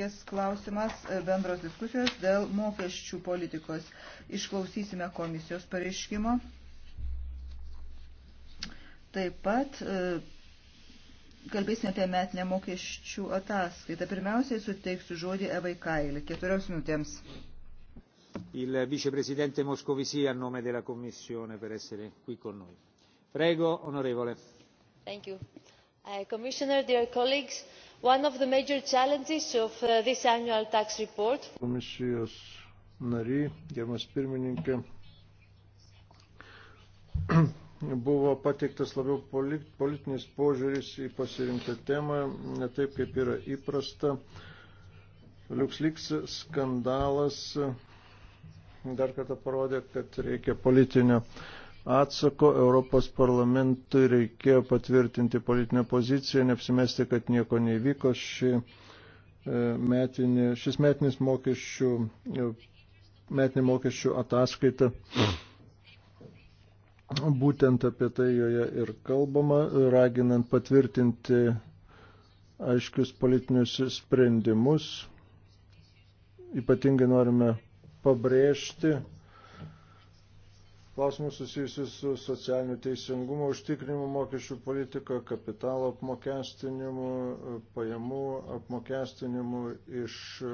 Kis klausimas e, bendros diskusijos dėl mokesčių politikos. Išklausysime komisijos pareiškimo. Taip pat e, kalbėsime apie metinę mokesčių ataskaitą. Pirmiausiai suteiksiu žodį Evai Kailį keturioms minutėms. Il viceprezidente Moscovici a nome della Commissione per essere qui con noi. Prego, onorevole. Thank you. Uh, commissioner, dear colleagues, uh, one of the major challenges of uh, this annual tax report Komisijos nariai, gerbiamas pirmininkė, buvo pateiktas labiau politinis požiūris į pasirinktą temą, ne taip kaip yra įprasta. LuxLeaks skandalas dar kartą parodė, kad reikia politinio uh, atsako Europos parlamentui reikėjo patvirtinti politinę poziciją, neapsimesti, kad nieko nevyko. Ši, e, metinė, šis metinis mokesčių, e, metinė mokesčių ataskaita. Būtent apie tai joje ir kalbama, raginant patvirtinti aiškius politinius sprendimus. Ypatingai norime pabrėžti, klausimus susijusius su socialiniu teisingumu, užtikrinimu mokesčių politiką, kapitalo apmokestinimu, pajamų apmokestinimu iš e,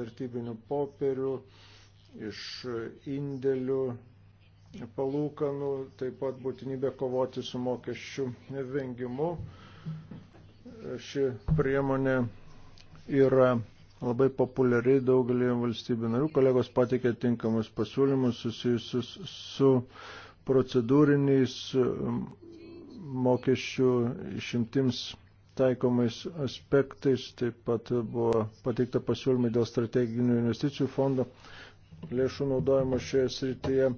vertybinių popierių, iš indėlių, palūkanų, taip pat būtinybė kovoti su mokesčių vengimu. Ši priemonė yra labai populiari daugelį valstybių narių. Kolegos patikė tinkamus pasiūlymus susijusius su procedūriniais um, mokesčių išimtims taikomais aspektais. Taip pat buvo pateikta pasiūlymai dėl strateginių investicijų fondo lėšų naudojimo šioje srityje,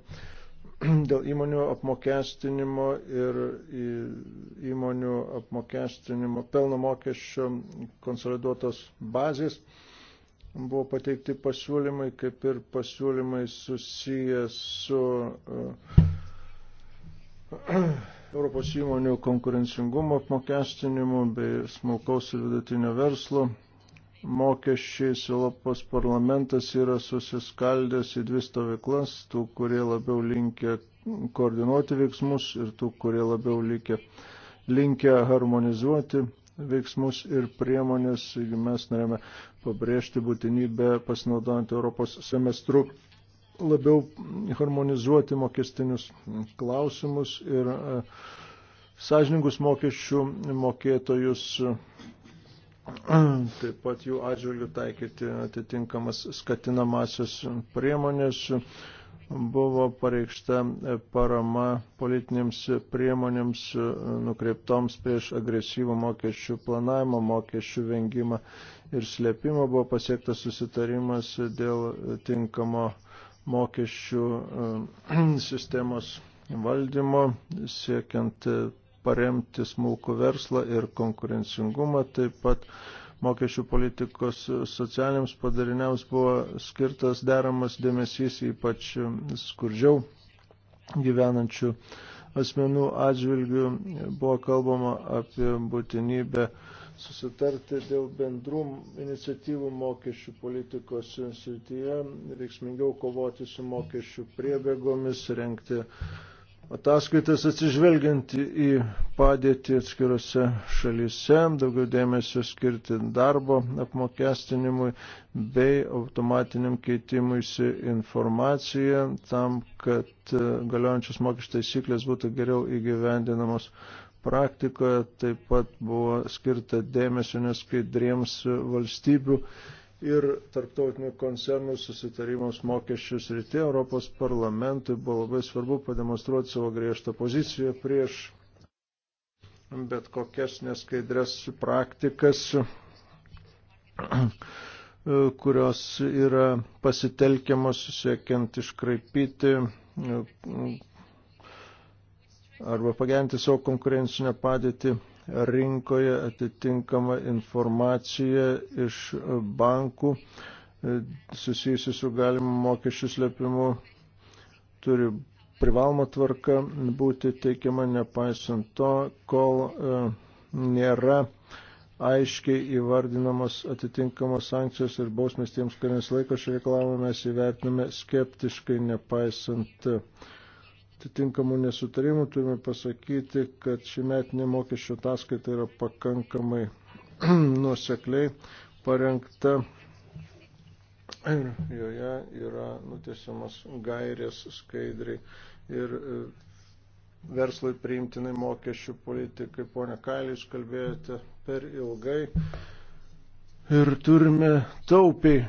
dėl įmonių apmokestinimo ir įmonių apmokestinimo pelno mokesčio konsoliduotos bazės buvo pateikti pasiūlymai, kaip ir pasiūlymai susijęs su uh, Europos įmonių konkurencingumo apmokestinimu bei smulkaus ir vidutinio verslo mokesčiais. Europos parlamentas yra susiskaldęs į dvi stovyklas, tų, kurie labiau linkia koordinuoti veiksmus ir tų, kurie labiau linkia, linkia harmonizuoti veiksmus ir priemonės, jeigu mes norėjome pabrėžti būtinybę pasinaudojant Europos semestru labiau harmonizuoti mokestinius klausimus ir e, sąžiningus mokesčių mokėtojus, taip pat jų atžvilgių taikyti atitinkamas skatinamasias priemonės buvo pareikšta parama politinėms priemonėms nukreiptoms prieš agresyvų mokesčių planavimą, mokesčių vengimą ir slėpimą. Buvo pasiektas susitarimas dėl tinkamo mokesčių sistemos valdymo, siekiant paremti smulkų verslą ir konkurencingumą. Taip pat mokesčių politikos socialiniams padariniams buvo skirtas deramas dėmesys ypač skurdžiau gyvenančių asmenų atžvilgių. Buvo kalbama apie būtinybę susitarti dėl bendrų iniciatyvų mokesčių politikos srityje, veiksmingiau kovoti su mokesčių priebėgomis, renkti ataskaitas atsižvelgiant į padėtį atskirose šalyse, daugiau dėmesio skirti darbo apmokestinimui bei automatiniam keitimuisi informaciją tam, kad e, galiojančios mokesčių taisyklės būtų geriau įgyvendinamos praktikoje. Taip pat buvo skirta dėmesio neskaidriems valstybių ir tarptautinių koncernų susitarimus mokesčius rytė Europos parlamentui buvo labai svarbu pademonstruoti savo griežtą poziciją prieš bet kokias neskaidres praktikas, kurios yra pasitelkiamos siekiant iškraipyti arba pagerinti savo konkurencinę padėtį rinkoje atitinkama informacija iš bankų e, susijusi su galimu mokesčių slėpimu turi privaloma tvarka būti teikiama nepaisant to, kol e, nėra aiškiai įvardinamos atitinkamos sankcijos ir bausmės tiems, kurie nesilaiko šio reikalavimo, mes įvertiname skeptiškai, nepaisant atitinkamų nesutarimų, turime pasakyti, kad ši metinė mokesčio ataskaita yra pakankamai nusekliai parengta ir joje yra nutiesiamas gairės skaidriai ir e, verslui priimtinai mokesčių politikai. Pone Kailį, jūs kalbėjote per ilgai ir turime taupiai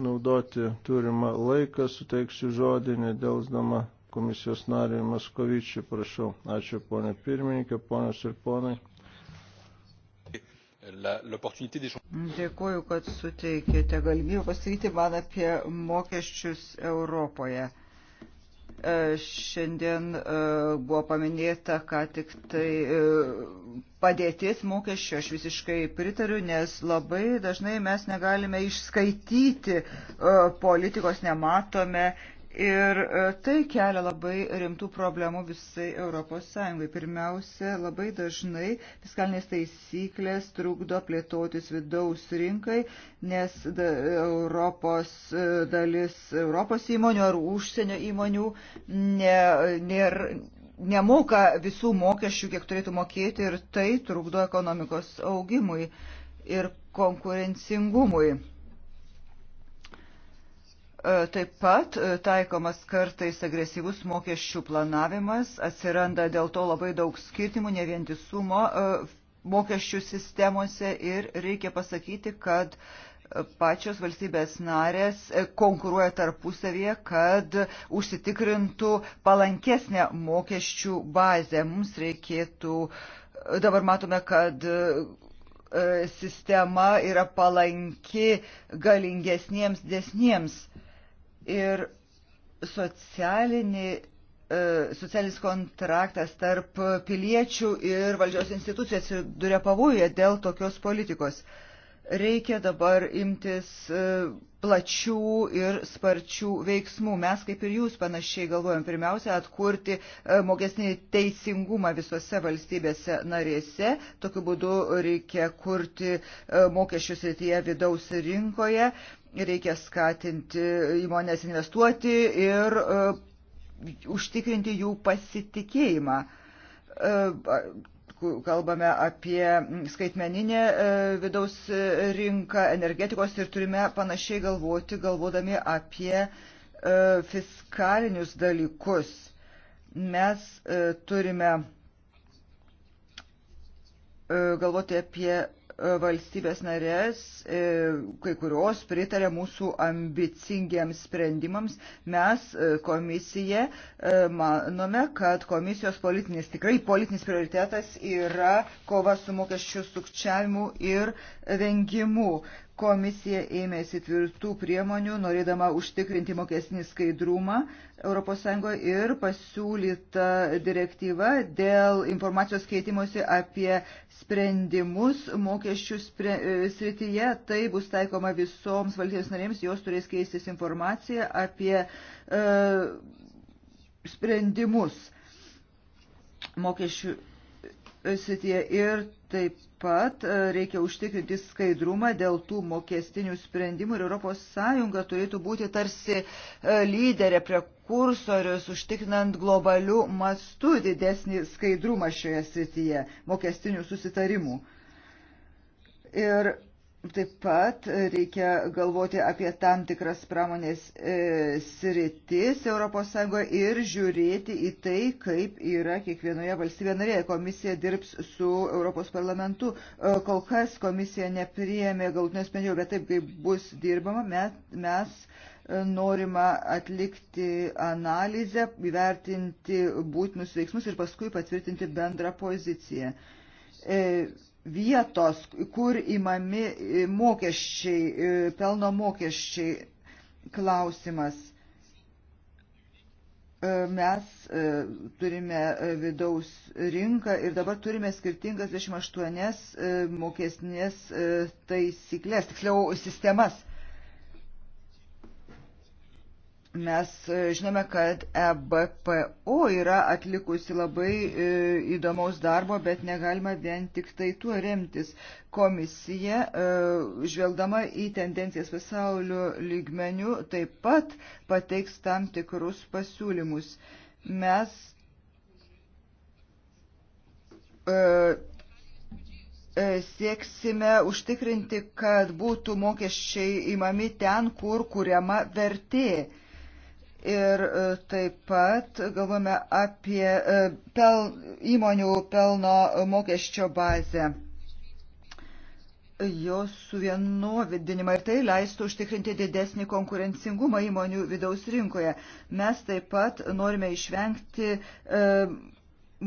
naudoti turimą laiką, suteiksiu žodį, nedelsdama komisijos narį Maskovičių, prašau. Ačiū, ponė pirmininkė, ponios ir ponai. Dėkuoju, kad suteikėte galimybę pasakyti man apie mokesčius Europoje. E, šiandien e, buvo paminėta, ką tik tai e, padėtis mokesčio, aš visiškai pritariu, nes labai dažnai mes negalime išskaityti politikos, nematome Ir e, tai kelia labai rimtų problemų visai Europos Sąjungai. Pirmiausia, labai dažnai fiskalinės taisyklės trukdo plėtotis vidaus rinkai, nes da, Europos e, dalis Europos įmonių ar užsienio įmonių ne, nėr, nemoka visų mokesčių, kiek turėtų mokėti ir tai trukdo ekonomikos augimui ir konkurencingumui E, taip pat e, taikomas kartais agresyvus mokesčių planavimas, atsiranda dėl to labai daug skirtimų, nevientisumo e, mokesčių sistemose ir reikia pasakyti, kad pačios valstybės narės konkuruoja tarpusavėje, kad užsitikrintų palankesnę mokesčių bazę. Mums reikėtų, dabar matome, kad sistema yra palanki galingesniems desniems ir socialinį, e, socialinis kontraktas tarp piliečių ir valdžios institucijų atsiduria pavojuje dėl tokios politikos. Reikia dabar imtis e, plačių ir sparčių veiksmų. Mes, kaip ir jūs, panašiai galvojam pirmiausia atkurti e, mokesnį teisingumą visose valstybėse narėse. Tokiu būdu reikia kurti mokesčių srityje vidaus rinkoje. Reikia skatinti įmonės investuoti ir e, užtikrinti jų pasitikėjimą. E, kalbame apie skaitmeninę e, vidaus rinką, energetikos ir turime panašiai galvoti, galvodami apie fiskalinius dalykus. Mes turime galvoti apie valstybės narės, e, kai kurios pritarė mūsų ambicingiems sprendimams. Mes e, komisija e, manome, kad komisijos politinis, tikrai politinis prioritetas yra kova su mokesčių sukčiavimu ir vengimu. Komisija ėmėsi tvirtų priemonių, norėdama užtikrinti mokesnį skaidrumą ES ir pasiūlyta direktyva dėl informacijos keitimosi apie sprendimus mokesčių spre, e, srityje. Tai bus taikoma visoms valstybės narėms, jos turės keistis informaciją apie e, sprendimus mokesčių e, srityje. Ir Taip pat e, reikia užtikrinti skaidrumą dėl tų mokestinių sprendimų ir ES turėtų būti tarsi e, lyderė, prekursorius, užtikrinant globalių mastų didesnį skaidrumą šioje srityje mokestinių susitarimų. Ir Taip pat reikia galvoti apie tam tikras pramonės e, sritis ES ir žiūrėti į tai, kaip yra kiekvienoje valstybėje narėje. Komisija dirbs su Europos parlamentu. E, kol kas komisija nepriėmė galutinio sprendimo, bet taip, kaip bus dirbama, mes, mes norima atlikti analizę, įvertinti būtinus veiksmus ir paskui patvirtinti bendrą poziciją. E, vietos, kur įmami e, mokesčiai, e, pelno mokesčiai klausimas. E, mes turime vidaus rinką ir dabar turime skirtingas 28 mokesnės taisyklės, tiksliau sistemas. Mes e, žinome, kad EBPO yra atlikusi labai e, įdomaus darbo, bet negalima vien tik tai tuo remtis. Komisija, e, žvelgdama į tendencijas pasaulio lygmenių, taip pat pateiks tam tikrus pasiūlymus. Mes sieksime užtikrinti, kad būtų mokesčiai įmami ten, kur kuriama vertė ir e, taip pat galvome apie e, pel, įmonių pelno mokesčio bazę jos suvienovidinimą ir tai leistų užtikrinti didesnį konkurencingumą įmonių vidaus rinkoje. Mes taip pat norime išvengti e,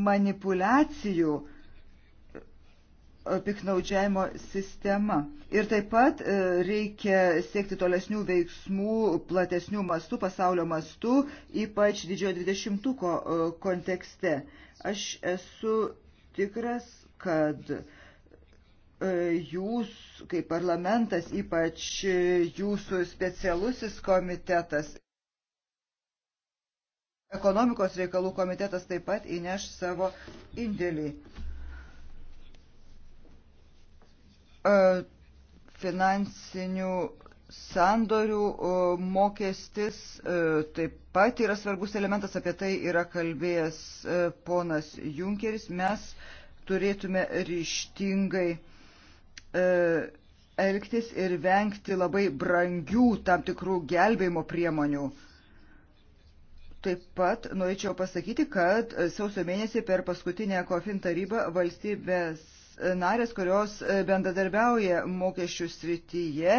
manipulacijų e, E, piknaudžiavimo sistema. Ir taip pat e, reikia siekti tolesnių veiksmų platesnių mastų, pasaulio mastų, ypač didžiojo dvidešimtuko e, kontekste. Aš esu tikras, kad jūs, kaip parlamentas, ypač jūsų specialusis komitetas, ekonomikos reikalų komitetas taip pat įneš savo indėlį. E, finansinių sandorių e, mokestis e, taip pat yra svarbus elementas, apie tai yra kalbėjęs ponas Junkeris. Mes turėtume ryštingai elgtis ir vengti labai brangių tam tikrų gelbėjimo priemonių. Taip pat norėčiau pasakyti, kad sausio mėnesį per paskutinę kofin tarybą valstybės narės, kurios e, bendradarbiauja mokesčių srityje,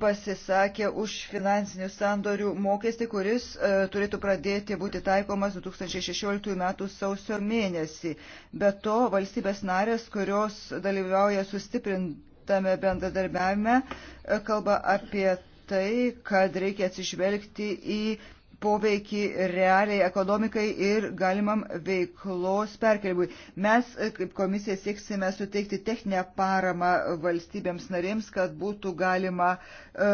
pasisakė už finansinių sandorių mokestį, kuris e, turėtų pradėti būti taikomas 2016 m. sausio mėnesį. Be to, valstybės narės, kurios dalyvauja sustiprintame bendradarbiavime, e, kalba apie tai, kad reikia atsižvelgti į poveikį realiai ekonomikai ir galimam veiklos perkelimui. Mes e, kaip komisija sieksime suteikti techninę paramą valstybėms narėms, kad būtų galima e, e,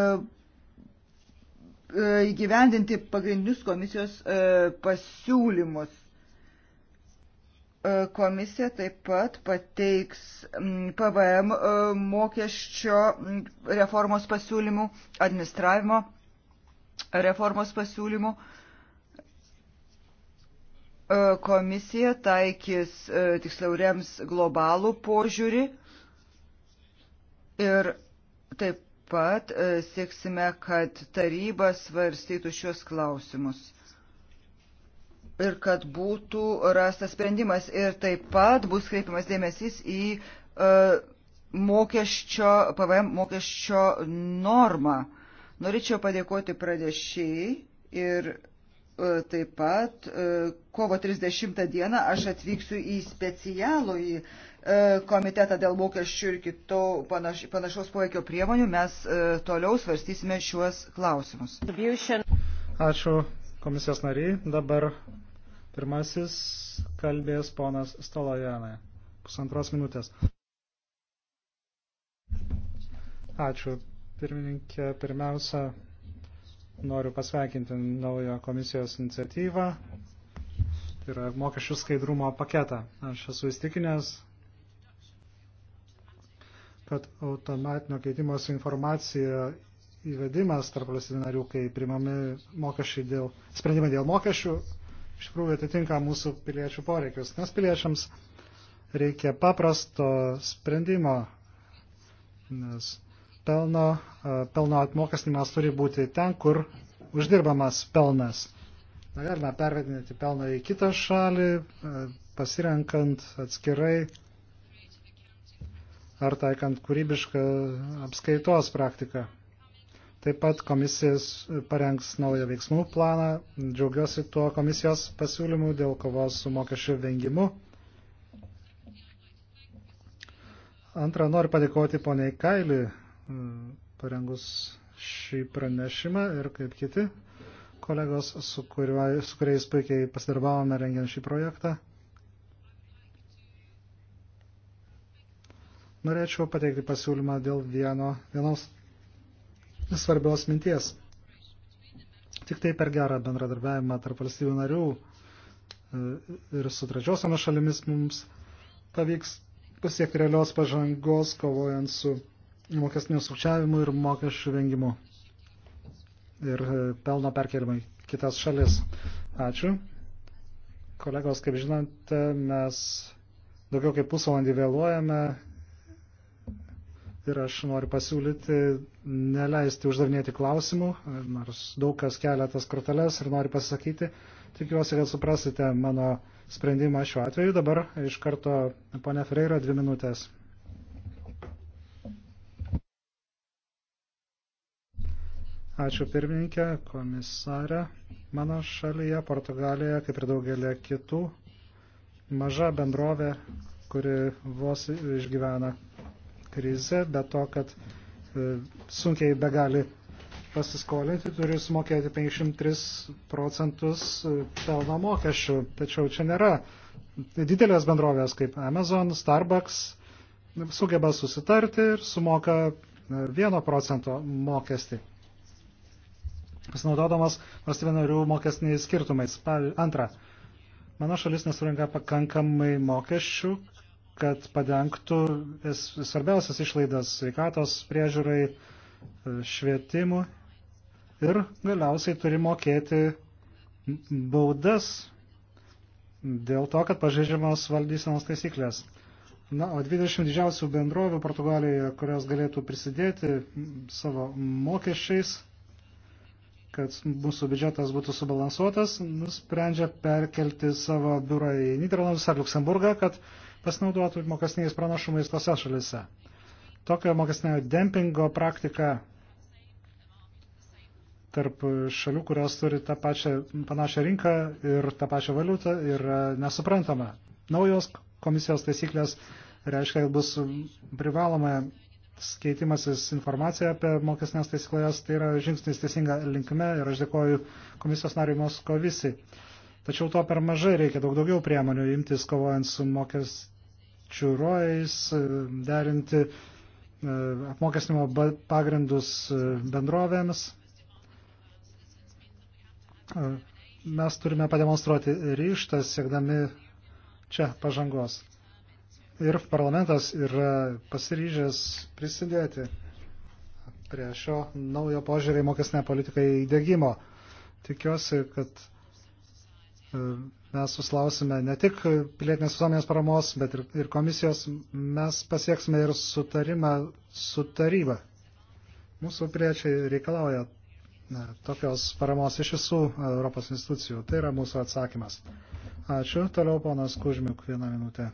įgyvendinti uh, uh, pagrindinius komisijos uh, pasiūlymus. Komisija taip pat pateiks PVM mokesčio reformos pasiūlymų administravimo reformos pasiūlymų. E, komisija taikys, e, tiksliau, rems globalų požiūrį ir taip pat e, sieksime, kad taryba svarstytų šios klausimus ir kad būtų rastas sprendimas. Ir taip pat bus kreipiamas dėmesys į uh, mokesčio, PVM mokesčio normą. Uh, Norėčiau padėkoti pradėšiai ir e, taip pat e, kovo 30 dieną aš atvyksiu į specialų į e, komitetą dėl mokesčių ir kito panašaus poveikio priemonių. Mes toliau svarstysime šiuos klausimus. Ačiū komisijos nariai. Dabar pirmasis kalbės ponas Stolojanai. Pusantros minutės. Ačiū Pirmininkė, pirmiausia, noriu pasveikinti naują komisijos iniciatyvą, tai yra mokesčių skaidrumo paketą. Aš esu įstikinęs, kad automatinio keitimos informacija įvedimas tarp valstybių narių, kai primami mokesčiai dėl, sprendimai dėl mokesčių, iš tikrųjų atitinka mūsų piliečių poreikius, nes piliečiams reikia paprasto sprendimo, nes pelno, e, pelno apmokestinimas turi būti ten, kur uždirbamas pelnas. Galime pervedinti pelną į kitą šalį, e, pasirenkant atskirai ar taikant kūrybišką apskaitos praktiką. Taip pat komisijas parengs naują veiksmų planą. Džiaugiuosi tuo komisijos pasiūlymu dėl kovos su mokesčių vengimu. Antra, noriu padėkoti poniai Kailį Mm, parengus šį pranešimą ir kaip kiti kolegos, su, kuriuo, su kuriais puikiai pasidarbavome rengiant šį projektą. Norėčiau pateikti pasiūlymą dėl vieno, vienos svarbios minties. Tik tai per gerą bendradarbiavimą tarp valstybių narių e, ir su trečiosiomis šalimis mums pavyks pasiekti realios pažangos, kovojant su mokestinių sukčiavimų ir mokesčių vengimu ir e, pelno perkelimai kitas šalis. Ačiū. Kolegos, kaip žinote, mes daugiau kaip pusvalandį vėluojame ir aš noriu pasiūlyti neleisti uždavinėti klausimų, nors daug kas kelia tas korteles ir noriu pasakyti. Tikiuosi, kad suprasite mano sprendimą šiuo atveju. Dabar iš karto, ponia Freira, dvi minutės. Ačiū pirmininkė, komisarė. Mano šalyje, Portugalijoje, kaip ir daugelė kitų, maža bendrovė, kuri vos išgyvena krizę, bet to, kad e, sunkiai be gali pasiskolinti, turi sumokėti 503 procentus pelno mokesčių. Tačiau čia nėra didelės bendrovės kaip Amazon, Starbucks, sugeba susitarti ir sumoka 1 e, procento mokestį pasinaudodamas valstybė narių mokestiniais skirtumais. Antra, mano šalis nesurinka pakankamai mokesčių, kad padengtų svarbiausias išlaidas sveikatos priežiūrai, e, švietimų ir galiausiai turi mokėti baudas dėl to, kad pažeidžiamos valdysenos taisyklės. Na, o 20 didžiausių bendrovių Portugalijoje, kurios galėtų prisidėti savo mokesčiais, kad mūsų biudžetas būtų subalansuotas, nusprendžia perkelti savo biurą į Niderlandus ar Luksemburgą, kad pasinaudotų mokesniais pranašumais tose šalise. Tokio mokesnio dempingo praktika tarp šalių, kurios turi tą pačią panašią rinką ir tą pačią valiutą, yra nesuprantama. Naujos komisijos taisyklės reiškia, kad bus privaloma keitimasis informacija apie mokesnės taisyklės, tai yra žingsnis teisinga linkme ir aš dėkoju komisijos nariui Moskovisi. Tačiau to per mažai reikia daug daugiau priemonių imtis kovojant su mokesčių rojais, derinti e, apmokestinimo pagrindus e, bendrovėms. E, mes turime pademonstruoti ryštą, siekdami čia pažangos ir parlamentas yra pasiryžęs prisidėti prie šio naujo požiūrį mokesnę politiką įdėgymo. Tikiuosi, kad e, mes suslausime ne tik pilietinės visuomenės paramos, bet ir, ir komisijos, mes pasieksime ir sutarimą su taryba. Mūsų priečiai reikalauja ne, tokios paramos iš visų Europos institucijų. Tai yra mūsų atsakymas. Ačiū. Toliau ponas Kužmiuk, vieną minutę.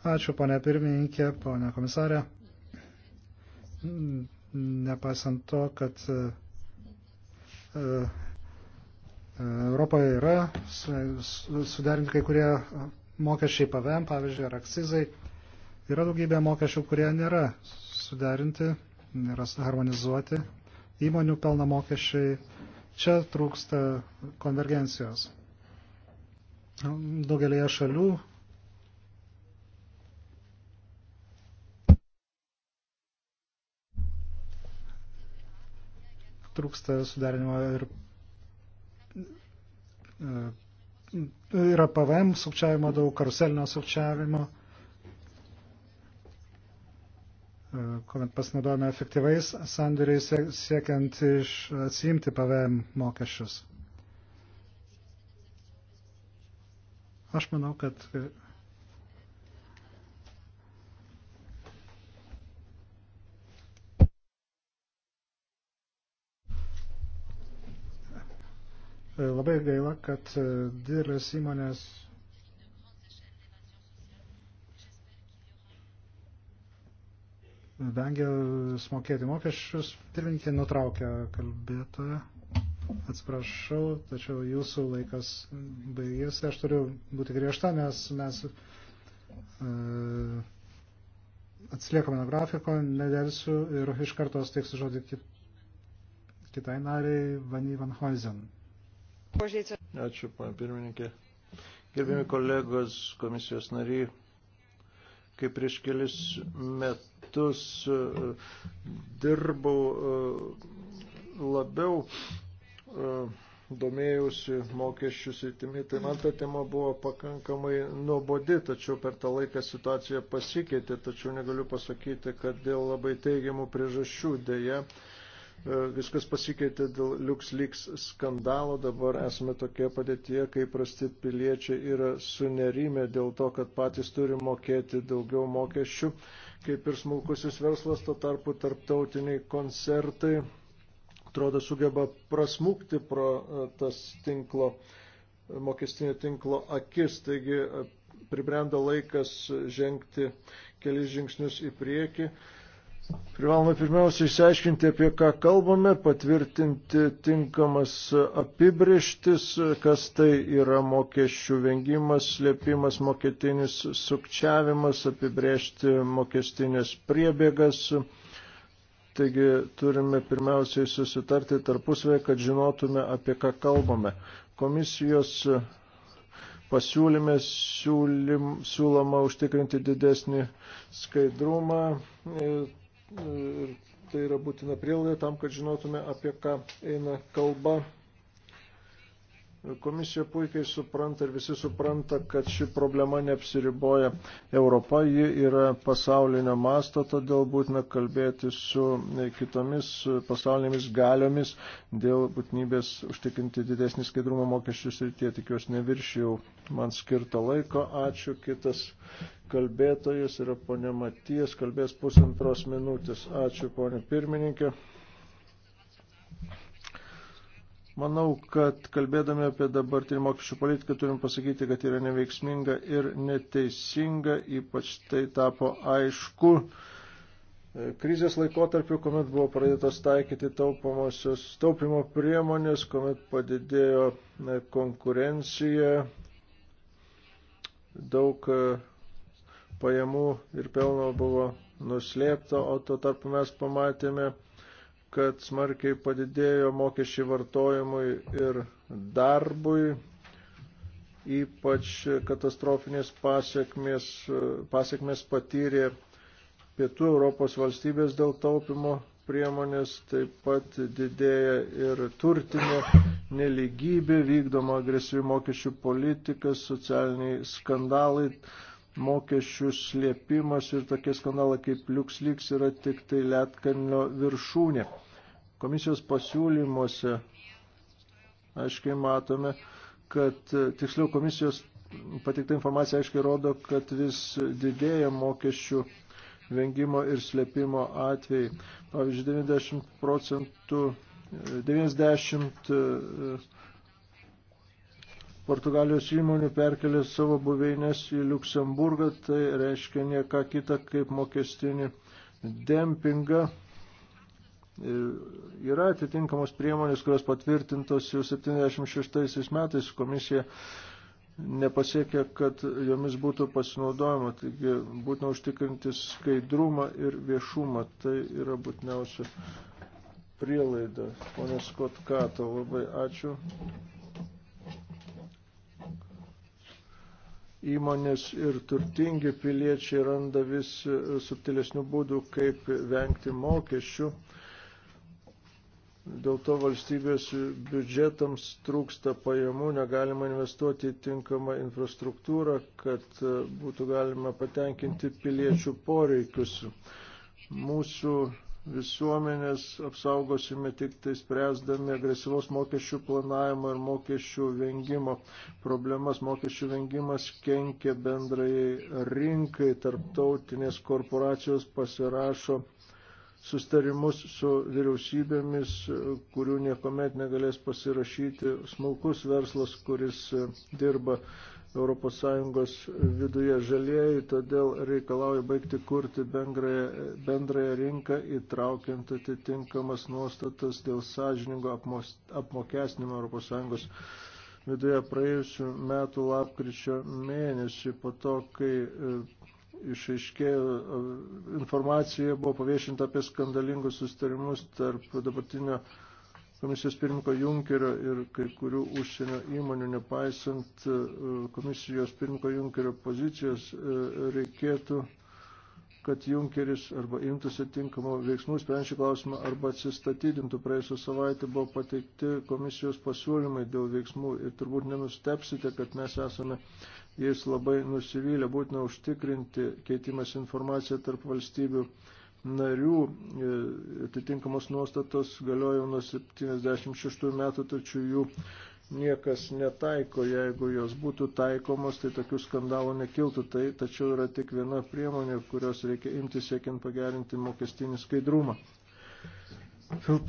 Ačiū, ponė pirmininkė, ponė komisarė. Nepaisant to, kad e, e, Europoje yra suderinti kai kurie mokesčiai PVM, pavyzdžiui, ar akcizai, yra daugybė mokesčių, kurie nėra suderinti, nėra harmonizuoti, įmonių pelno mokesčiai, čia trūksta konvergencijos. Daugelėje šalių trūksta sudarinimo ir e, yra PVM sukčiavimo daug, karuselinio sukčiavimo, e, kuomet pasinaudojame efektyvais sandėriais siekiant iš atsiimti PVM mokesčius. Aš manau, kad E, labai gaila, kad e, didelės įmonės vengia smokėti mokesčius. Pirminkė nutraukia kalbėtoją. Atsiprašau, tačiau jūsų laikas baigėsi. Aš turiu būti griežta, nes mes e, atsiliekame nuo grafiko, nedelsiu ir iš karto steiksiu žodį kit, kitai nariai Vani Van Hoizen. Ačiū, pana pirmininkė. Gerbimi kolegos, komisijos nariai, kaip prieš kelis metus e, dirbau e, labiau e, domėjausi mokesčių sritimi, tai man ta tema buvo pakankamai nuobodi, tačiau per tą laiką situacija pasikeitė, tačiau negaliu pasakyti, kad dėl labai teigiamų priežasčių dėja. E, viskas pasikeitė dėl LuxLeaks skandalo, dabar esame tokie padėtie, kai prasti piliečiai yra sunerime dėl to, kad patys turi mokėti daugiau mokesčių, kaip ir smulkusis verslas, to tarpu tarptautiniai koncertai, atrodo, sugeba prasmukti pro e, tas tinklo, mokestinio tinklo akis, taigi e, pribrendo laikas žengti kelis žingsnius į priekį Privalome pirmiausia išsiaiškinti, apie ką kalbame, patvirtinti tinkamas apibrieštis, kas tai yra mokesčių vengimas, slėpimas, moketinis sukčiavimas, apibriežti mokestinės priebėgas. Taigi turime pirmiausiai susitarti tarpusvėje, kad žinotume, apie ką kalbame. Komisijos pasiūlyme siūlim, siūloma užtikrinti didesnį skaidrumą ir tai yra būtina prielaida tam, kad žinotume, apie ką eina kalba Komisija puikiai supranta ir visi supranta, kad ši problema neapsiriboja Europą, ji yra pasaulinio masto, todėl būtina kalbėti su kitomis pasaulinėmis galiomis dėl būtinybės užtikrinti didesnį skaidrumą mokesčius ir tie tikiuosi neviršijau man skirto laiko. Ačiū. Kitas kalbėtojas yra ponė Matijas, kalbės pusantros minutės. Ačiū ponė pirmininkė. Manau, kad kalbėdami apie dabartinį mokesčių politiką turim pasakyti, kad yra neveiksminga ir neteisinga, ypač tai tapo aišku e, krizės laikotarpiu, kuomet buvo pradėtos taikyti taupomosios taupimo priemonės, kuomet padidėjo e, konkurencija, daug e, pajamų ir pelno buvo nuslėpta, o tuo tarpu mes pamatėme, kad smarkiai padidėjo mokesčiai vartojimui ir darbui, ypač katastrofinės pasiekmės, pasiekmės patyrė pietų Europos valstybės dėl taupimo priemonės, taip pat didėja ir turtinė neligybė, vykdoma agresyvi mokesčių politika, socialiniai skandalai mokesčių slėpimas ir tokie skandalai kaip LuxLeaks yra tik tai Lietkalnio viršūnė. Komisijos pasiūlymuose aiškiai matome, kad e, tiksliau komisijos pateikta informacija aiškiai rodo, kad vis didėja mokesčių vengimo ir slėpimo atvejai. Pavyzdžiui, 90 procentų, 90 e, Portugalijos įmonių perkelė savo buveinės į Luksemburgą, tai reiškia nieką kitą kaip mokestinį dempingą. Yra atitinkamos priemonės, kurios patvirtintos jau 76 metais komisija nepasiekė, kad jomis būtų pasinaudojama. Taigi būtina užtikrinti skaidrumą ir viešumą. Tai yra būtiniausia prielaida. Pone Skotkato, labai ačiū. įmonės ir turtingi piliečiai randa vis e, subtilesnių būdų, kaip vengti mokesčių. Dėl to valstybės biudžetams trūksta pajamų, negalima investuoti į tinkamą infrastruktūrą, kad e, būtų galima patenkinti piliečių poreikius. Mūsų visuomenės apsaugosime tik tai spręsdami agresyvos mokesčių planavimo ir mokesčių vengimo problemas. Mokesčių vengimas kenkia bendrai rinkai, tarptautinės korporacijos pasirašo sustarimus su vyriausybėmis, kurių niekuomet negalės pasirašyti smulkus verslas, kuris dirba ES viduje žalieji, todėl reikalauja baigti kurti bendrąją, bendrąją rinką, įtraukiant atitinkamas nuostatas dėl sąžiningo apmokesnimo ES viduje praėjusių metų lapkričio mėnesį po to, kai e, išaiškėjo e, informacija buvo paviešinta apie skandalingus sustarimus tarp dabartinio komisijos pirmininko Junkerio ir kai kurių užsienio įmonių, nepaisant e, komisijos pirmininko Junkerio pozicijos, e, reikėtų, kad Junkeris arba imtųsi tinkamų veiksmų, sprendžių klausimą, arba atsistatydintų. Praėjusią savaitę buvo pateikti komisijos pasiūlymai dėl veiksmų ir turbūt nenustepsite, kad mes esame jais labai nusivylę, būtina užtikrinti keitimas informaciją tarp valstybių narių e, atitinkamos nuostatos galioja nuo 76 metų, tačiau jų niekas netaiko. Jeigu jos būtų taikomos, tai tokių skandalų nekiltų. Tai tačiau yra tik viena priemonė, kurios reikia imti siekiant pagerinti mokestinį skaidrumą.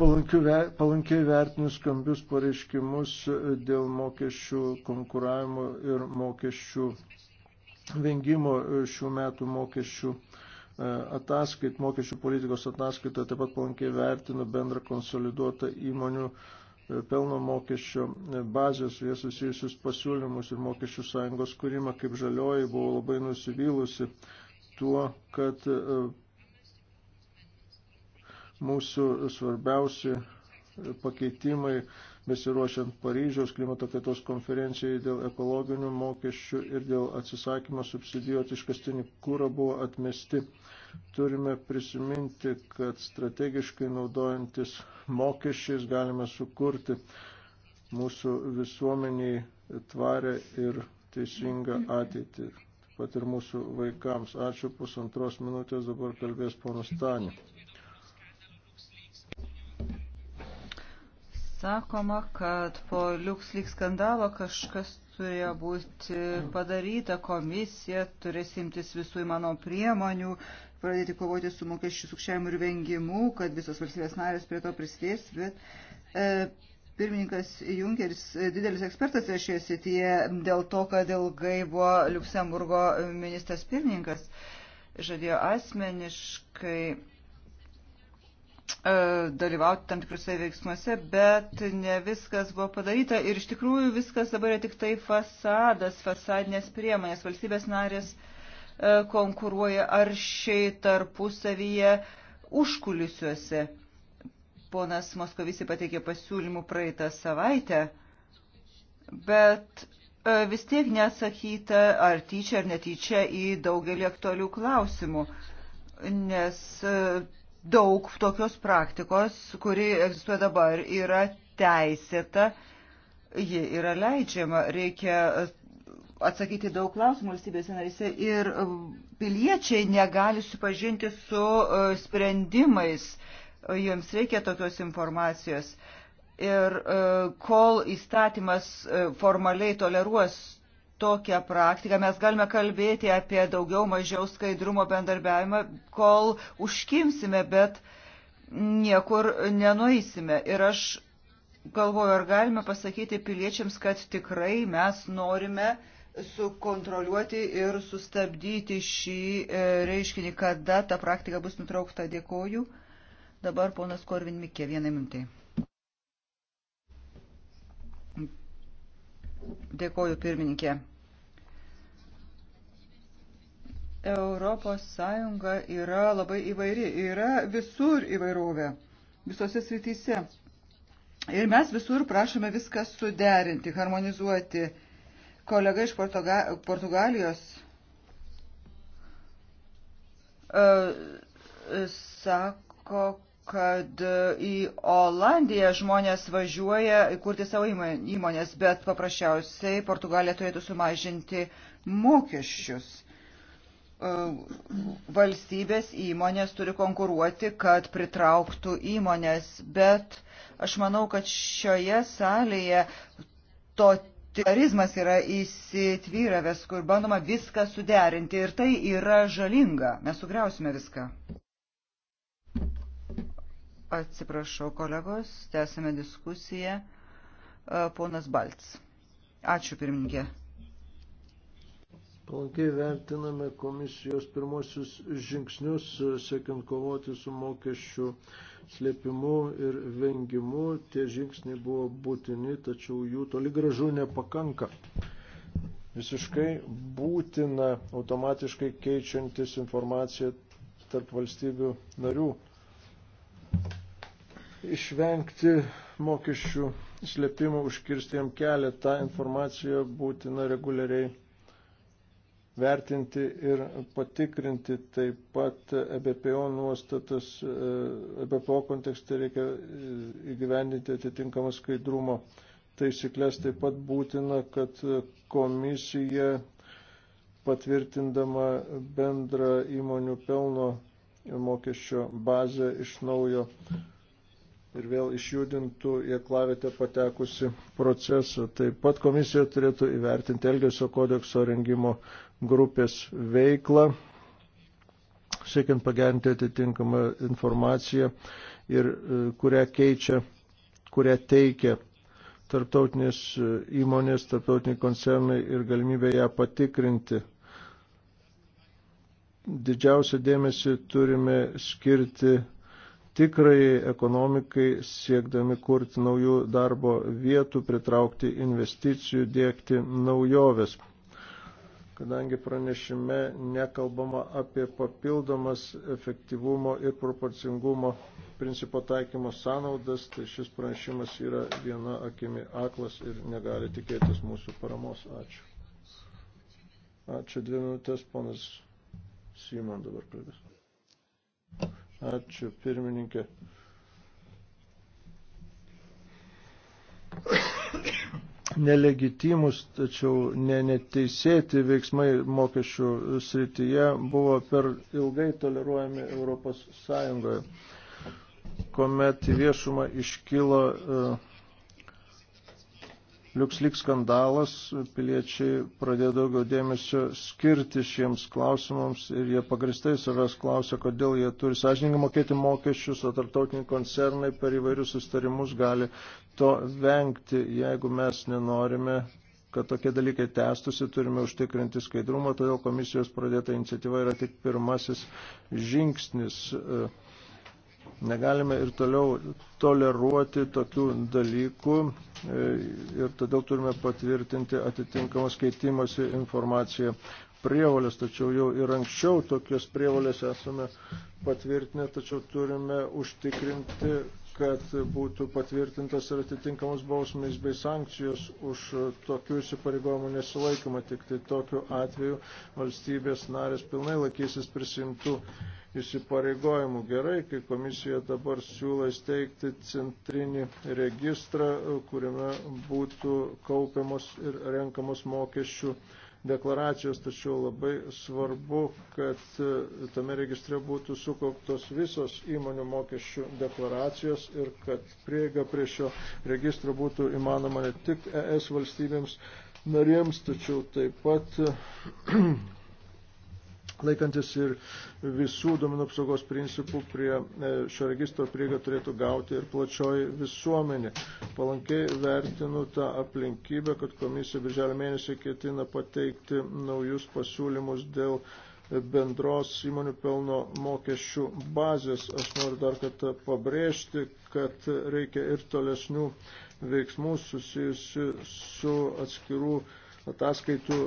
Palankiai vertinu skambius pareiškimus e, dėl mokesčių konkuravimo ir mokesčių vengimo e, šių metų mokesčių E, ataskait, mokesčių politikos ataskaitoje taip pat palankiai vertinu bendrą konsoliduotą įmonių e, pelno mokesčio e, bazės, jie susijusius pasiūlymus ir mokesčių sąjungos kūrimą, kaip žalioji, buvau labai nusivylusi tuo, kad mūsų svarbiausi pakeitimai besiruošiant Paryžiaus klimato kaitos konferencijai dėl ekologinių mokesčių ir dėl atsisakymo subsidijuoti iškastinį kūrą buvo atmesti. Turime prisiminti, kad strategiškai naudojantis mokesčiais galime sukurti mūsų visuomeniai tvarę ir teisingą ateitį, pat ir mūsų vaikams. Ačiū pusantros minutės, dabar kalbės ponas Stanė. sakoma, kad po LuxLeaks skandalo kažkas turėjo būti padaryta, komisija turės imtis visų įmanomų priemonių, pradėti kovoti su mokesčių sukčiavimu ir vengimu, kad visos valstybės narės prie to prisidės, bet e, pirmininkas Junkeris e, didelis ekspertas yra šioje srityje dėl to, kad ilgai buvo Luxemburgo ministras pirmininkas, žadėjo asmeniškai E, dalyvauti tam tikrose veiksmuose, bet ne viskas buvo padaryta ir iš tikrųjų viskas dabar yra tik tai fasadas, fasadinės priemonės. Valstybės narės e, konkuruoja aršiai tarpusavyje užkulisiuose. Ponas Moskovisi pateikė pasiūlymų praeitą savaitę, bet e, vis tiek neatsakyta ar tyčia ar netyčia į daugelį aktualių klausimų, nes daug tokios praktikos, kuri egzistuoja dabar, yra teisėta, ji yra leidžiama, reikia atsakyti daug klausimų valstybėse narise ir piliečiai negali supažinti su e, sprendimais, jiems reikia tokios informacijos. Ir e, kol įstatymas e, formaliai toleruos tokią praktiką. Mes galime kalbėti apie daugiau mažiau skaidrumo bendarbiavimą, kol užkimsime, bet niekur nenueisime. Ir aš galvoju, ar galime pasakyti piliečiams, kad tikrai mes norime sukontroliuoti ir sustabdyti šį e, reiškinį, kada ta praktika bus nutraukta. Dėkoju. Dabar ponas Korvin Mikė, vieną minutę. Dėkoju pirmininkė. Europos Sąjunga yra labai įvairi, yra visur įvairovė, visose srityse. Ir mes visur prašome viską suderinti, harmonizuoti. Kolega iš Portuga Portugalijos e, sako, kad į Olandiją žmonės važiuoja įkurti savo įmonės, bet paprasčiausiai Portugalija turėtų sumažinti mokesčius E, valstybės įmonės turi konkuruoti, kad pritrauktų įmonės, bet aš manau, kad šioje salėje to tarizmas yra įsitvyravęs, kur bandoma viską suderinti ir tai yra žalinga. Mes sugriausime viską. Atsiprašau, kolegos, tęsime diskusiją. E, ponas Balts. Ačiū, pirmininkė. Palankiai vertiname komisijos pirmosius žingsnius, e, siekiant kovoti su mokesčių slėpimu ir vengimu. Tie žingsniai buvo būtini, tačiau jų toli gražu nepakanka. Visiškai būtina automatiškai keičiantis informaciją tarp valstybių narių išvengti mokesčių slėpimų, užkirsti jam kelią. Ta informacija būtina reguliariai vertinti ir patikrinti taip pat EBPO nuostatas, EBPO e kontekste reikia e, įgyvendinti atitinkamą skaidrumo taisyklės, taip pat būtina, kad komisija patvirtindama bendrą įmonių pelno mokesčio bazę iš naujo ir vėl išjudintų į klavietę patekusi procesą. Taip pat komisija turėtų įvertinti Elgesio kodekso rengimo grupės veiklą, siekiant pagerinti atitinkamą informaciją ir e, kurią keičia, kurią teikia tarptautinės e, įmonės, tarptautiniai koncernai ir galimybę ją patikrinti. Didžiausią dėmesį turime skirti tikrai ekonomikai, siekdami kurti naujų darbo vietų, pritraukti investicijų, dėkti naujoves. Kadangi pranešime nekalbama apie papildomas efektyvumo ir proporcingumo principo taikymo sąnaudas, tai šis pranešimas yra viena akimi aklas ir negali tikėtis mūsų paramos. Ačiū. Ačiū dvi minutės, ponas Simon dabar pradės. Ačiū pirmininkė. Nelegitimus, tačiau ne neteisėti veiksmai mokesčių srityje buvo per ilgai toleruojami Europos Sąjungoje, kuomet viešumą iškilo uh, liukslik skandalas, piliečiai pradėjo daugiau dėmesio skirti šiems klausimams ir jie pagristai savęs klausia, kodėl jie turi sąžininkai mokėti mokesčius, o tarptautiniai koncernai per įvairius sustarimus gali to vengti, jeigu mes nenorime kad tokie dalykai tęstusi, turime užtikrinti skaidrumą, todėl komisijos pradėta iniciatyva yra tik pirmasis žingsnis. E, Negalime ir toliau toleruoti tokių dalykų e, ir todėl turime patvirtinti atitinkamos keitimosi informaciją prievolės, tačiau jau ir anksčiau tokios prievolės esame patvirtinę, tačiau turime užtikrinti, kad būtų patvirtintas ir atitinkamos bausmės bei sankcijos už tokių įsipareigojimų nesilaikymą. Tik tai tokiu atveju valstybės narės pilnai laikysis prisimtų įsipareigojimų. Gerai, kai komisija dabar siūlo įsteigti centrinį registrą, kuriame būtų kaupiamos ir renkamos mokesčių deklaracijos, tačiau labai svarbu, kad tame registre būtų sukauptos visos įmonių mokesčių deklaracijos ir kad prieiga prie šio registro būtų įmanoma ne tik ES valstybėms narėms, tačiau taip pat laikantis ir visų duomenų apsaugos principų prie e, šio registro prieiga turėtų gauti ir plačioji visuomenė. Palankiai vertinu tą aplinkybę, kad komisija birželio mėnesį ketina pateikti naujus pasiūlymus dėl bendros įmonių pelno mokesčių bazės. Aš noriu dar kartą pabrėžti, kad reikia ir tolesnių veiksmų susijusių su atskirų ataskaitų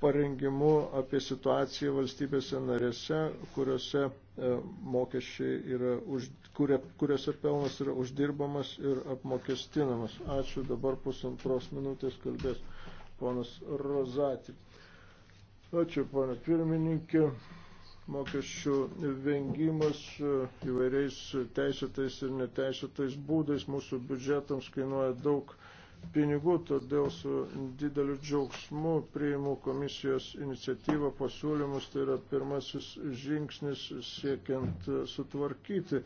parengimu apie situaciją valstybėse narėse, kuriuose e, mokesčiai yra, už, kuria, kuriuose pelnas yra uždirbamas ir apmokestinamas. Ačiū, dabar pusantros minutės kalbės ponas Rozatį. Ačiū, ponė pirmininkė. Mokesčių vengimas e, įvairiais teisėtais ir neteisėtais būdais mūsų biudžetams kainuoja daug pinigų, todėl su dideliu džiaugsmu priimu komisijos iniciatyvą pasiūlymus, tai yra pirmasis žingsnis siekiant sutvarkyti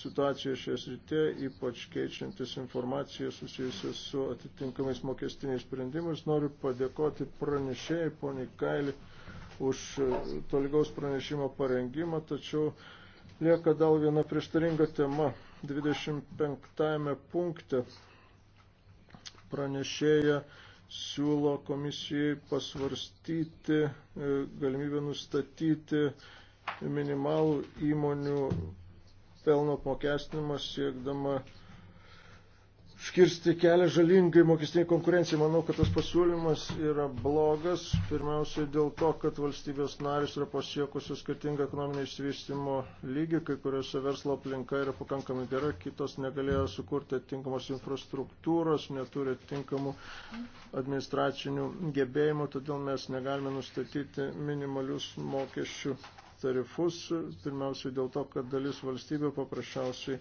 situaciją šioje srityje, ypač keičiantis informaciją susijusią su atitinkamais mokestiniais sprendimais. Noriu padėkoti pranešėjai, poniai Kailį, už tolygaus pranešimo parengimą, tačiau lieka dar viena prieštaringa tema 25 punkte pranešėja siūlo komisijai pasvarstyti e, galimybę nustatyti minimalų įmonių pelno apmokestinimą siekdama škirsti kelią žalingai mokestiniai konkurencijai. Manau, kad tas pasiūlymas yra blogas. Pirmiausiai dėl to, kad valstybės narys yra pasiekusios skirtingą ekonominį išsivystimo lygį, kai kuriuose verslo aplinka yra pakankamai gera, kitos negalėjo sukurti tinkamos infrastruktūros, neturi tinkamų administracinių gebėjimų, todėl mes negalime nustatyti minimalius mokesčių tarifus, pirmiausiai dėl to, kad dalis valstybių paprasčiausiai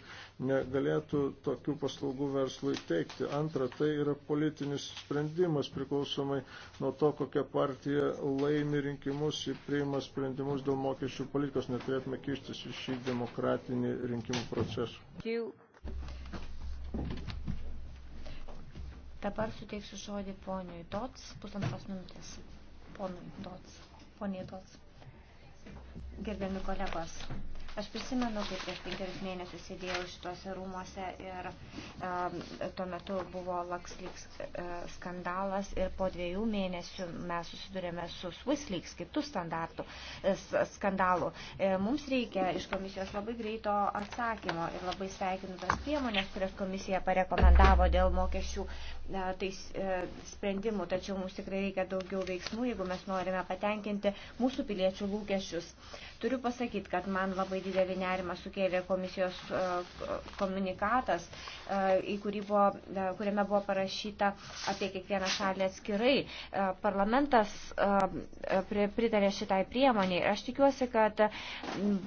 negalėtų tokių paslaugų verslui teikti. Antra, tai yra politinis sprendimas priklausomai nuo to, kokia partija laimi rinkimus, jį priima sprendimus dėl mokesčių politikos, neturėtume kištis į šį demokratinį rinkimų procesą. Dabar suteiksiu žodį poniui Dots, pusantros minutės. Ponui Dots. Poniai Dots gerbiami kolegos Aš prisimenu, kaip prieš penkerius mėnesius sėdėjau šituose rūmose ir um, tuo metu buvo LuxLeaks e, skandalas ir po dviejų mėnesių mes susidurėme su SwissLeaks kitų standartų e, skandalų. E, mums reikia iš komisijos labai greito atsakymo ir labai sveikinu tas priemonės, kurias komisija parekomendavo dėl mokesčių tais, sprendimų, tačiau mums tikrai reikia daugiau veiksmų, jeigu mes norime patenkinti mūsų piliečių lūkesčius. Turiu pasakyti, kad man labai didelį nerimą sukėlė komisijos e, komunikatas, e, buvo, e, kuriame buvo parašyta apie kiekvieną šalį atskirai. Parlamentas pritarė šitai priemoniai. Aš tikiuosi, kad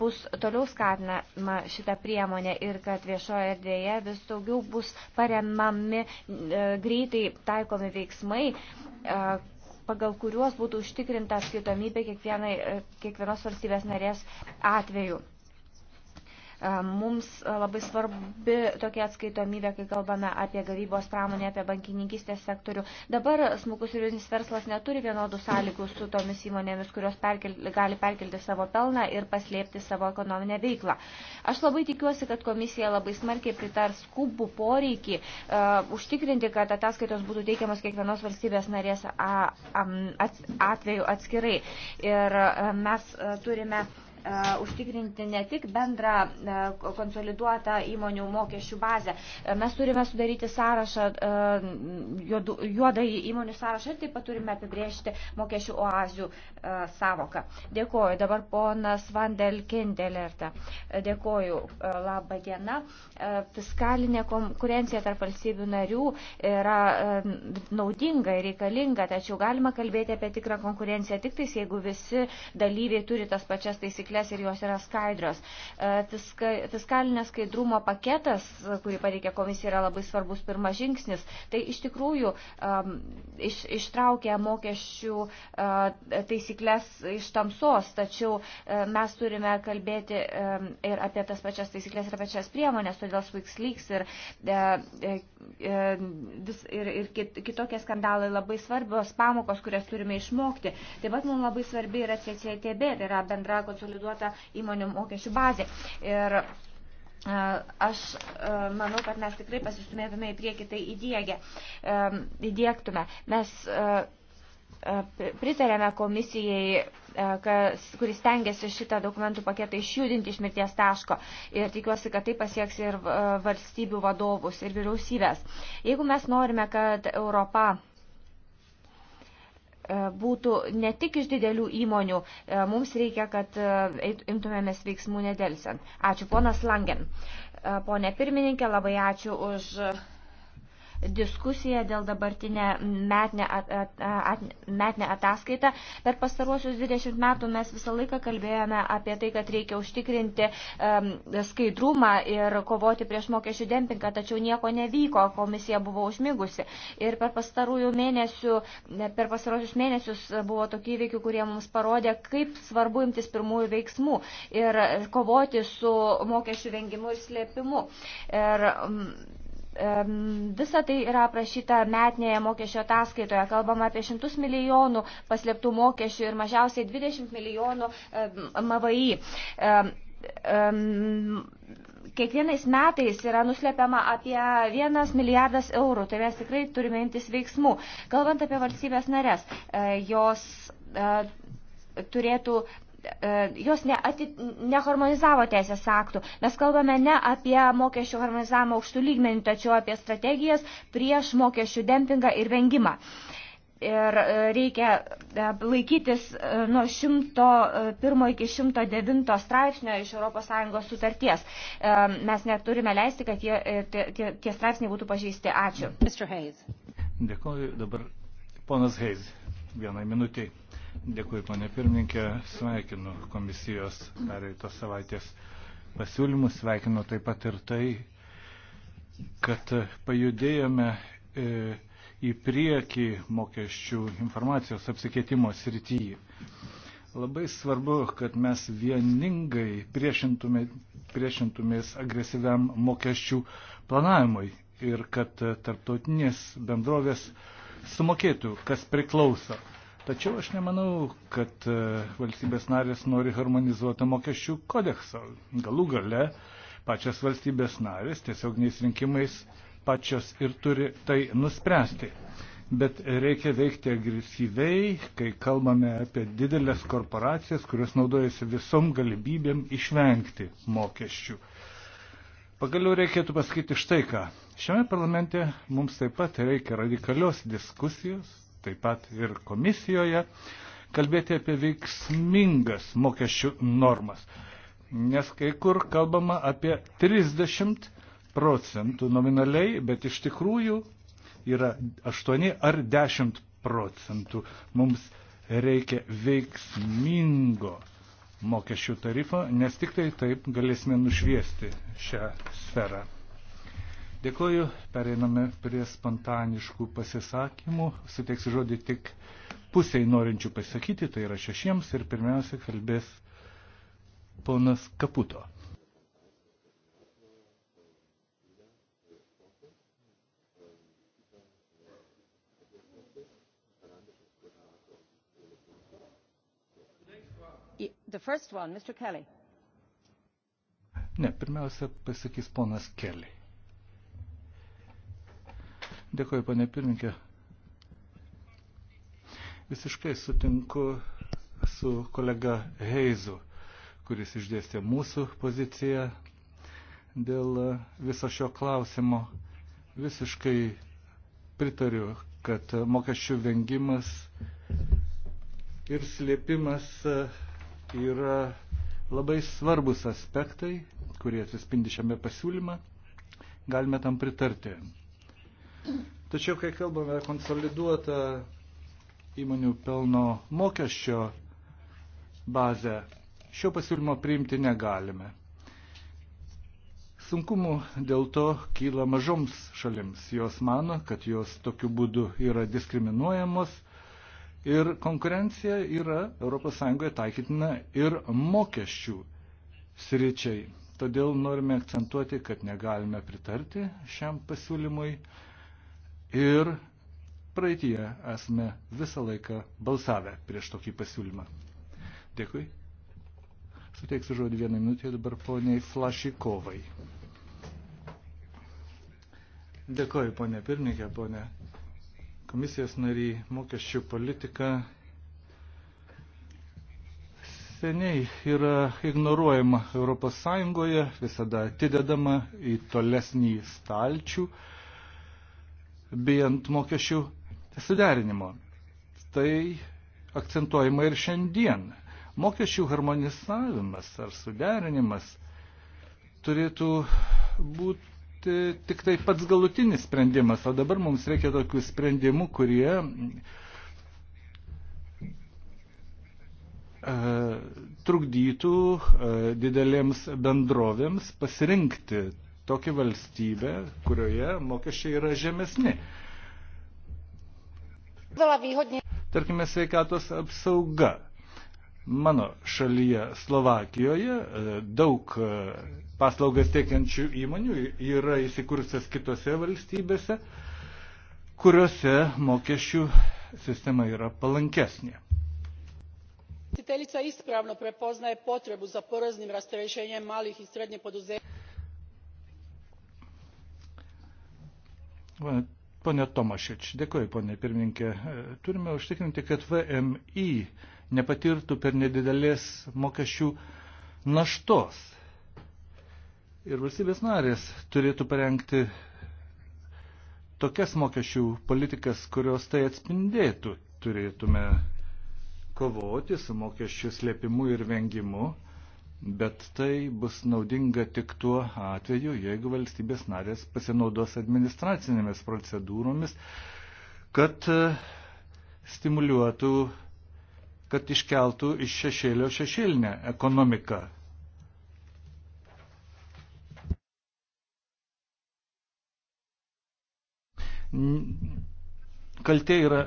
bus toliau skatinama šita priemonė ir kad viešoje erdvėje vis daugiau bus paremami greitai taikomi veiksmai pagal kuriuos būtų užtikrinta atskaitomybė kiekvienos valstybės narės atveju. Mums labai svarbi tokia atskaitomybė, kai kalbame apie gavybos pramonę, apie bankininkistės sektorių. Dabar smukus ir jūsinis verslas neturi vienodų sąlygų su tomis įmonėmis, kurios perkel, gali perkelti savo pelną ir paslėpti savo ekonominę veiklą. Aš labai tikiuosi, kad komisija labai smarkiai pritars skubų poreikį uh, užtikrinti, kad ataskaitos būtų teikiamos kiekvienos valstybės narės atveju atskirai. Ir mes turime E, užtikrinti ne tik bendrą e, konsoliduotą įmonių mokesčių bazę. E, mes turime sudaryti sąrašą, juodą įmonių sąrašą ir taip pat turime apibriežti mokesčių oazių savoką. Dėkuoju. Dabar ponas Vandel Kindelerta. Dėkuoju. Labą dieną. Fiskalinė konkurencija tarp valstybių narių yra naudinga ir reikalinga, tačiau galima kalbėti apie tikrą konkurenciją tik tais, jeigu visi dalyviai turi tas pačias taisyklės taisyklės ir jos yra skaidrios. Fiska, e, fiskalinės skaidrumo paketas, e, kurį pareikia komisija, yra labai svarbus pirmas žingsnis. Tai iš tikrųjų um, iš, ištraukia mokesčių uh, taisyklės iš tamsos, tačiau uh, mes turime kalbėti um, ir apie tas pačias taisyklės ir apie pačias priemonės, todėl SwixLeaks ir, uh, uh, vis, ir, ir kit, kitokie skandalai labai svarbios pamokos, kurias turime išmokti. Taip pat mums labai svarbi yra CCTB, tai yra bendra konsoliduota atiduota įmonių mokesčių bazė. Ir e, aš e, manau, kad mes tikrai pasistumėtume į priekį tai įdėgę, e, įdėktume. Mes pritarėme komisijai, kas, kuris tengiasi šitą dokumentų paketą išjudinti iš mirties taško ir tikiuosi, kad tai pasieks ir valstybių vadovus ir vyriausybės. Jeigu mes norime, kad Europa E, būtų ne tik iš didelių įmonių. E, mums reikia, kad e, imtumėmės veiksmų nedelsiant. Ačiū, ponas Langen. Pone pirmininkė, labai ačiū už diskusiją dėl dabartinę metinę, at, at, at, metinę ataskaitą. Per pastaruosius 20 metų mes visą laiką kalbėjome apie tai, kad reikia užtikrinti um, skaidrumą ir kovoti prieš mokesčių dempingą, tačiau nieko nevyko, komisija buvo užmigusi. Ir per pastarųjų mėnesių, per pastaruosius mėnesius buvo tokių įvykių, kurie mums parodė, kaip svarbu imtis pirmųjų veiksmų ir kovoti su mokesčių vengimu ir slėpimu. Ir, um, Visa tai yra aprašyta metinėje mokesčio ataskaitoje. Kalbama apie šimtus milijonų paslėptų mokesčių ir mažiausiai 20 milijonų MVI kiekvienais metais yra nuslepiama apie vienas milijardas eurų, tai mes tikrai turime imtis veiksmų. Kalbant apie valstybės narės, e, jos e, turėtų E, jos neati, neharmonizavo teisės aktų. Mes kalbame ne apie mokesčių harmonizavimą aukštų lygmenių, tačiau apie strategijas prieš mokesčių dempingą ir vengimą. Ir e, reikia e, laikytis nuo 101 iki 109 straipsnio iš ES sutarties. Mes neturime leisti, kad tie, tie, tie straipsniai būtų pažeisti. Ačiū. Dėkuoju. Dabar ponas Heiz. Vienai minutiai. Dėkui, ponė pirmininkė, sveikinu komisijos pereitos savaitės pasiūlymus, sveikinu taip pat ir tai, kad pajudėjome e, į priekį mokesčių informacijos apsikeitimo srityje. Labai svarbu, kad mes vieningai priešintume, priešintumės agresyviam mokesčių planavimui ir kad tarptautinės bendrovės sumokėtų, kas priklauso. Tačiau aš nemanau, kad e, valstybės narės nori harmonizuoto mokesčių kodekso. Galų gale pačias valstybės narės tiesiogniais rinkimais pačios ir turi tai nuspręsti. Bet reikia veikti agresyviai, kai kalbame apie didelės korporacijas, kurios naudojasi visom galimybėm išvengti mokesčių. Pagaliau reikėtų pasakyti štai ką. Šiame parlamente mums taip pat reikia radikalios diskusijos taip pat ir komisijoje, kalbėti apie veiksmingas mokesčių normas. Nes kai kur kalbama apie 30 procentų nominaliai, bet iš tikrųjų yra 8 ar 10 procentų. Mums reikia veiksmingo mokesčių tarifo, nes tik tai taip galėsime nušviesti šią sferą. Dėkuoju, pereiname prie spontaniškų pasisakymų. Suteiksiu žodį tik pusiai norinčių pasakyti, tai yra šešiems ir pirmiausia kalbės ponas Kaputo. The first one, Mr. Kelly. Ne, pirmiausia pasakys ponas Kelly. Dėkuoju, panė pirminkė. Visiškai sutinku su kolega Heizu, kuris išdėstė mūsų poziciją dėl viso šio klausimo. Visiškai pritariu, kad mokesčių vengimas ir slėpimas yra labai svarbus aspektai, kurie atsispindi šiame pasiūlyme. Galime tam pritarti. Tačiau, kai kalbame konsoliduotą įmonių pelno mokesčio bazę, šio pasiūlymo priimti negalime. Sunkumų dėl to kyla mažoms šalims. Jos mano, kad jos tokiu būdu yra diskriminuojamos ir konkurencija yra ES taikytina ir mokesčių sričiai. Todėl norime akcentuoti, kad negalime pritarti šiam pasiūlymui ir praeitie esame visą laiką balsavę prieš tokį pasiūlymą. Dėkui. Suteiksiu žodį vieną minutę dabar poniai Flašikovai. Dėkoju, ponė pirmininkė, ponė komisijos nariai, mokesčių politika seniai yra ignoruojama Europos Sąjungoje, visada atidedama į tolesnį stalčių. Uh, bei ant mokesčių suderinimo. Tai akcentuojama ir šiandien. Mokesčių harmonizavimas ar suderinimas turėtų būti tik tai pats galutinis sprendimas, o dabar mums reikia tokių sprendimų, kurie e, trukdytų e, didelėms bendrovėms pasirinkti tokią valstybę, kurioje mokesčiai yra žemesni. Tarkime, sveikatos apsauga. Mano šalyje, Slovakijoje, e, daug e, paslaugas tiekiančių įmonių yra įsikūrusias kitose valstybėse, kuriuose mokesčių sistema yra palankesnė. Izvjestiteljica ispravno prepoznaje potrebu za poreznim rasterećenjem malih i srednjih poduzeća. Pone Tomašič, dėkoju, pone pirmininkė. E, turime užtikrinti, kad VMI nepatirtų per nedidelės mokesčių naštos. Ir valstybės narės turėtų parengti tokias mokesčių politikas, kurios tai atspindėtų. Turėtume kovoti su mokesčių slėpimu ir vengimu bet tai bus naudinga tik tuo atveju, jeigu valstybės narės pasinaudos administracinėmis procedūromis, kad e, stimuliuotų, kad iškeltų iš šešėlio šešėlinę ekonomiką. Kaltė yra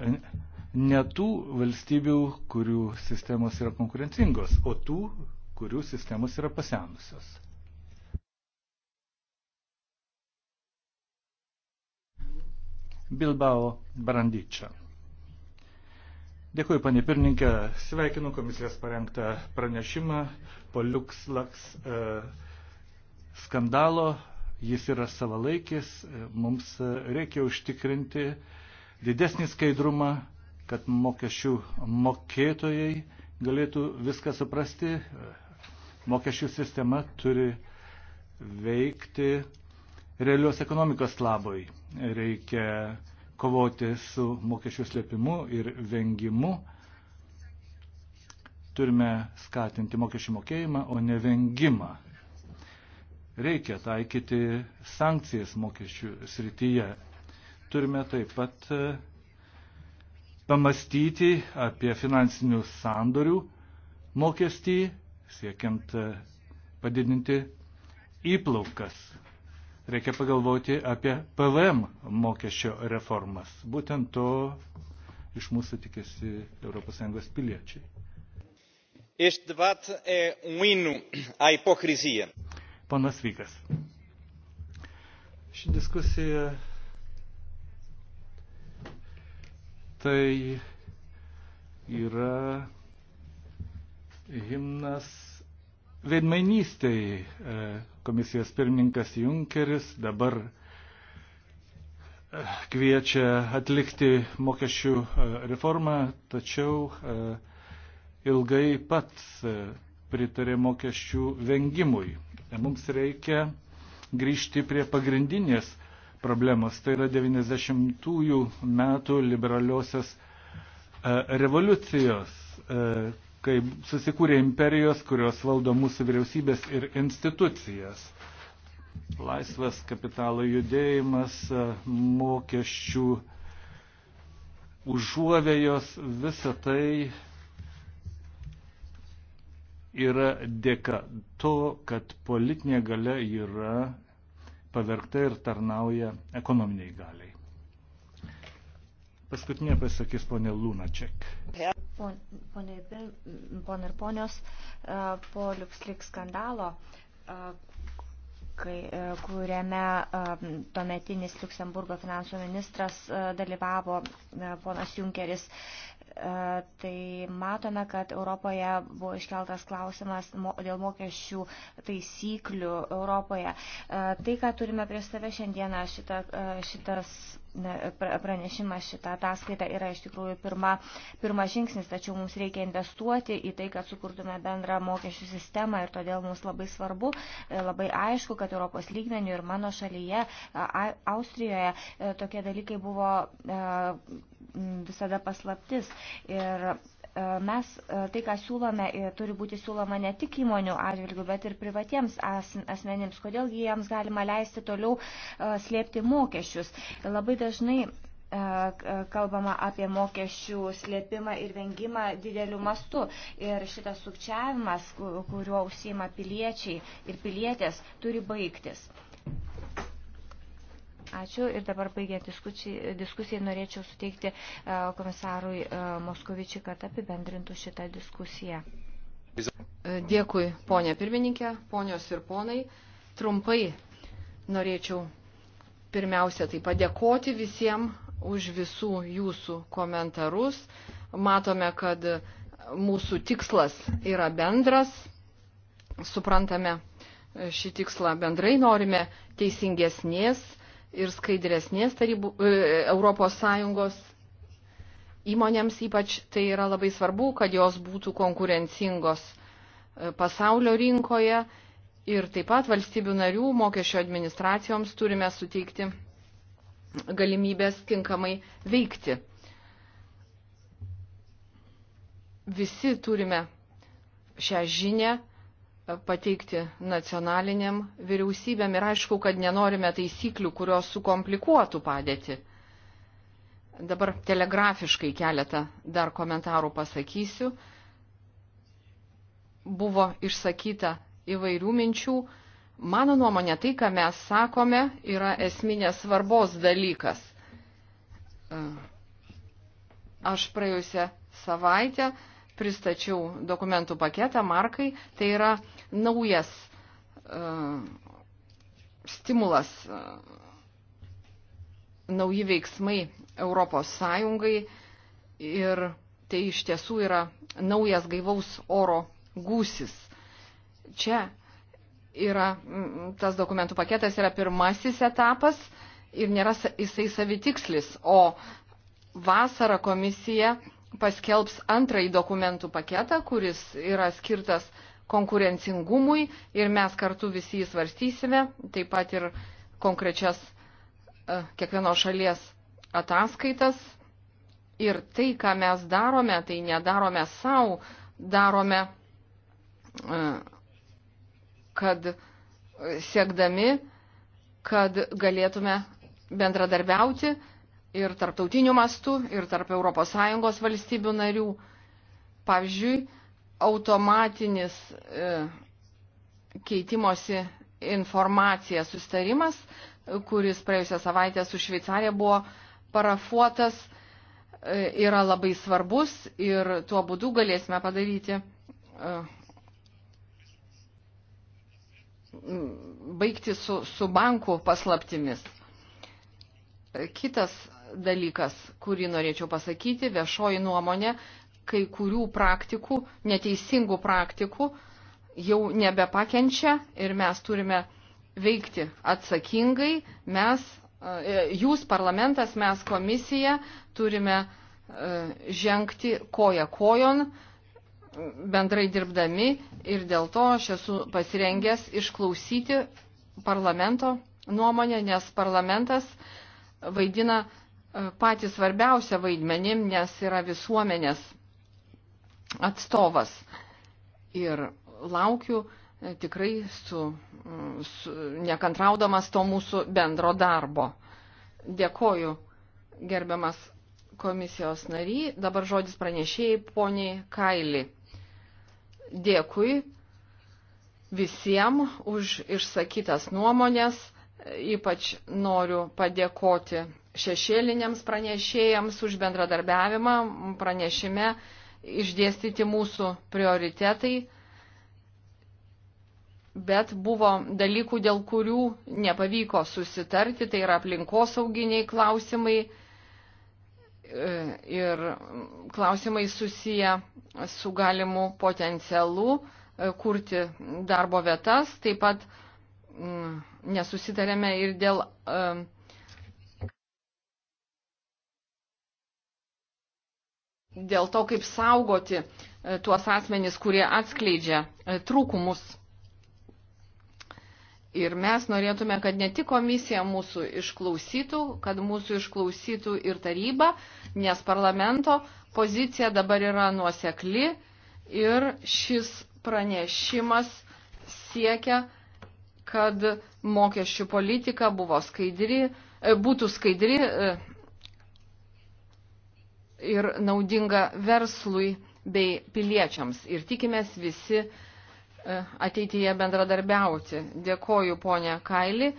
ne tų valstybių, kurių sistemos yra konkurencingos, o tų, kurių sistemos yra pasenusios. Bilbao Brandyčia. Dėkuoju, panė pirmininkė, sveikinu komisijos parengtą pranešimą po LuxLax e, skandalo. Jis yra savalaikis, e, mums e, reikia užtikrinti didesnį skaidrumą, kad mokesčių mokėtojai galėtų viską suprasti, mokesčių sistema turi veikti realios ekonomikos labui. Reikia kovoti su mokesčių slėpimu ir vengimu. Turime skatinti mokesčių mokėjimą, o ne vengimą. Reikia taikyti sankcijas mokesčių srityje. Turime taip pat e, pamastyti apie finansinių sandorių mokestį siekiant e, padidinti įplaukas. Reikia pagalvoti apie PVM mokesčio reformas. Būtent to iš mūsų tikėsi ES piliečiai. Este debate é um hino à hipocrisia. Ponas Vykas. Ši diskusija tai yra himnas veidmainystiai. E, komisijos pirmininkas Junkeris dabar e, kviečia atlikti mokesčių e, reformą, tačiau ilgai pats pritarė mokesčių vengimui. Mums reikia grįžti prie pagrindinės problemos. Tai yra 90-ųjų metų liberaliosios revoliucijos kai susikūrė imperijos, kurios valdo mūsų vyriausybės ir institucijas. Laisvas kapitalo judėjimas, mokesčių užuovėjos, visa tai yra dėka to, kad politinė gale yra pavergta ir tarnauja ekonominiai galiai. Paskutinė pasakys ponė Lunaček. Pone ir ponios, e, po LuxLeaks skandalo, e, kai, e, kuriame tuometinis Luxemburgo finansų ministras dalyvavo ponas Junkeris, tai matome, kad Europoje buvo iškeltas klausimas dėl mokesčių taisyklių Europoje. Tai, ką turime prieš save šiandieną, šita, šitas pranešimas šitą ataskaitą yra iš tikrųjų pirma, pirmas žingsnis, tačiau mums reikia investuoti į tai, kad sukurtume bendrą mokesčių sistemą ir todėl mums labai svarbu, e, labai aišku, kad Europos lygmenių ir mano šalyje, Austrijoje, e, tokie dalykai buvo e, visada paslaptis. Ir E, mes e, tai, ką siūlome, e, turi būti siūloma ne tik įmonių atvilgių, bet ir privatiems asmenims. Kodėl jiems galima leisti toliau slėpti mokesčius? Labai dažnai kalbama apie mokesčių slėpimą ir vengimą dideliu mastu. Ir šitas sukčiavimas, kuriuo užsima piliečiai ir pilietės, turi baigtis. Ačiū ir dabar baigiant diskusijai, diskusijai norėčiau suteikti e, komisarui e, Moskovičiui, kad apibendrintų šitą diskusiją. E, dėkui, ponė pirmininkė, ponios ir ponai. Trumpai norėčiau pirmiausia tai padėkoti visiems už visų jūsų komentarus. Matome, kad mūsų tikslas yra bendras, suprantame šį tikslą bendrai, norime teisingesnės ir skaidresnės tarybų, e, Europos Sąjungos įmonėms ypač tai yra labai svarbu, kad jos būtų konkurencingos e, pasaulio rinkoje ir taip pat valstybių narių mokesčio administracijoms turime suteikti galimybės tinkamai veikti. Visi turime šią žinę pateikti nacionaliniam vyriausybėm ir aišku, kad nenorime taisyklių, kurios sukomplikuotų padėti. Dabar telegrafiškai keletą dar komentarų pasakysiu. Buvo išsakyta įvairių minčių. Mano nuomonė, tai, ką mes sakome, yra esminės svarbos dalykas. Aš praėjusią savaitę uh, pristačiau dokumentų paketą markai. Tai yra naujas uh, stimulas, uh, nauji veiksmai Europos Sąjungai ir tai iš tiesų yra naujas gaivaus oro gūsis. Čia yra tas dokumentų paketas yra pirmasis etapas ir nėra jisai savitikslis, o vasarą komisija paskelbs antrąjį dokumentų paketą, kuris yra skirtas konkurencingumui ir mes kartu visi jį svarstysime, taip pat ir konkrečias e, kiekvienos šalies ataskaitas. Ir tai, ką mes darome, tai nedarome savo, darome, e, kad e, siekdami, kad galėtume bendradarbiauti ir tarptautiniu mastu, ir tarp ES valstybių narių. Pavyzdžiui, automatinis e, keitimosi informacija sustarimas, kuris praėjusią savaitę su Šveicarija buvo parafuotas, e, yra labai svarbus ir tuo būdu galėsime padaryti, e, baigti su, su bankų paslaptimis. Kitas dalykas, kurį norėčiau pasakyti, viešoji nuomonė kai kurių praktikų, neteisingų praktikų jau nebepakenčia ir mes turime veikti atsakingai. Mes, e, jūs parlamentas, mes komisija turime e, žengti koja kojon bendrai dirbdami ir dėl to aš esu pasirengęs išklausyti parlamento nuomonę, nes parlamentas vaidina E, patį svarbiausią vaidmenį, nes yra visuomenės atstovas. Ir laukiu e, tikrai su, su nekantraudamas to mūsų bendro darbo. Dėkoju, gerbiamas komisijos nary. Dabar žodis pranešėjai poniai Kaili. Dėkui visiems už išsakytas nuomonės. E, ypač noriu padėkoti šešėliniams pranešėjams už bendradarbiavimą. Pranešime išdėstyti mūsų prioritetai, bet buvo dalykų, dėl kurių nepavyko susitarti, tai yra aplinkosauginiai klausimai e, ir klausimai susiję su galimu potencialu e, kurti darbo vietas, taip pat mm, nesusitarėme ir dėl um, dėl to, kaip saugoti e, tuos asmenys, kurie atskleidžia e, trūkumus. Ir mes norėtume, kad ne tik komisija mūsų išklausytų, kad mūsų išklausytų ir taryba, nes parlamento pozicija dabar yra nuosekli ir šis pranešimas siekia, kad mokesčių politika buvo skaidri, e, būtų skaidri, ir naudinga verslui bei piliečiams. Ir tikimės visi e, ateityje bendradarbiauti. Dėkoju, ponė Kaili.